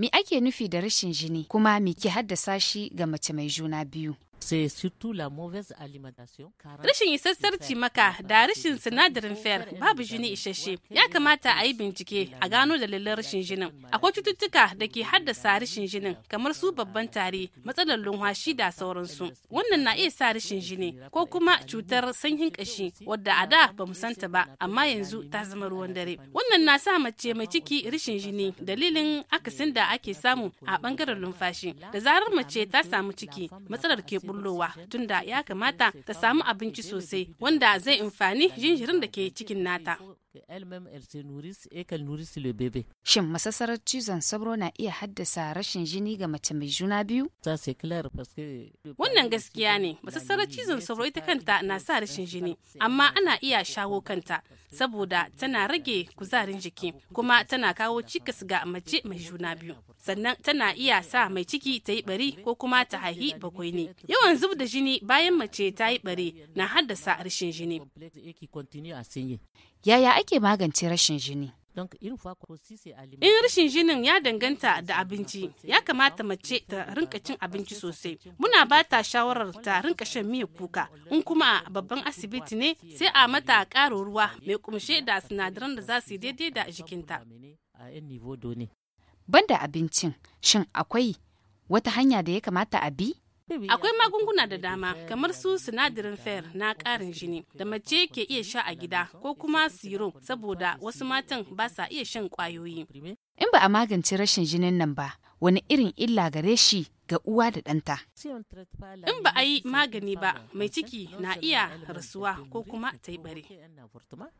Me ake nufi da rashin jini kuma me ke haddasa shi ga mace mai juna biyu? Rashin isassar cimaka da rashin sinadarin fer babu jini isasshe ya kamata a yi bincike a gano dalilan rashin jinin. Akwai cututtuka da ke haddasa rashin jinin kamar su babban tari matsalar lumhashi da sauransu. Wannan na iya sa rashin jini ko kuma cutar sanyin kashi wadda a da ba mu santa ba amma yanzu ta zama ruwan dare. Wannan na sa mace mai ciki rashin jini dalilin akasin da ake samu a bangaren lumfashi. Da zarar mace ta samu ciki matsalar ke bullowa tunda ya kamata ta samu abinci sosai wanda zai amfani jinjirin da ke cikin nata. Shin masassarar cizon sauro na iya haddasa rashin jini ga mace mai juna biyu? Wannan gaskiya ne, masassarar cizon sauro ita kanta na sa rashin jini, amma ana iya shago kanta saboda tana rage kuzarin jiki kuma tana kawo cikas ga mace mai juna biyu. Sannan tana iya sa mai ciki ta yi bari ko kuma ta haihi bakwai ne. Yawan zub da jini bayan mace ta yi bari na haddasa rashin jini. Yaya ake magance rashin jini? In rashin jinin ya danganta da abinci, ya kamata mace ta rinka cin abinci sosai. Muna ba ta shawarar ta rinka shan miya kuka, in kuma babban asibiti ne sai a mata karo ruwa mai kumshe da sinadaran da za su daidai da jikinta. Banda abincin, shin akwai wata hanya da ya kamata a bi? Akwai magunguna da dama kamar su sinadarin fer na ƙarin jini da mace ke iya sha a gida ko kuma siro saboda wasu matan ba sa iya shan kwayoyi In ba a magance rashin jinin nan ba, wani irin illa gare shi ga uwa da ɗanta. In ba a yi magani ba, mai ciki na iya rasuwa ko kuma ta yi bare.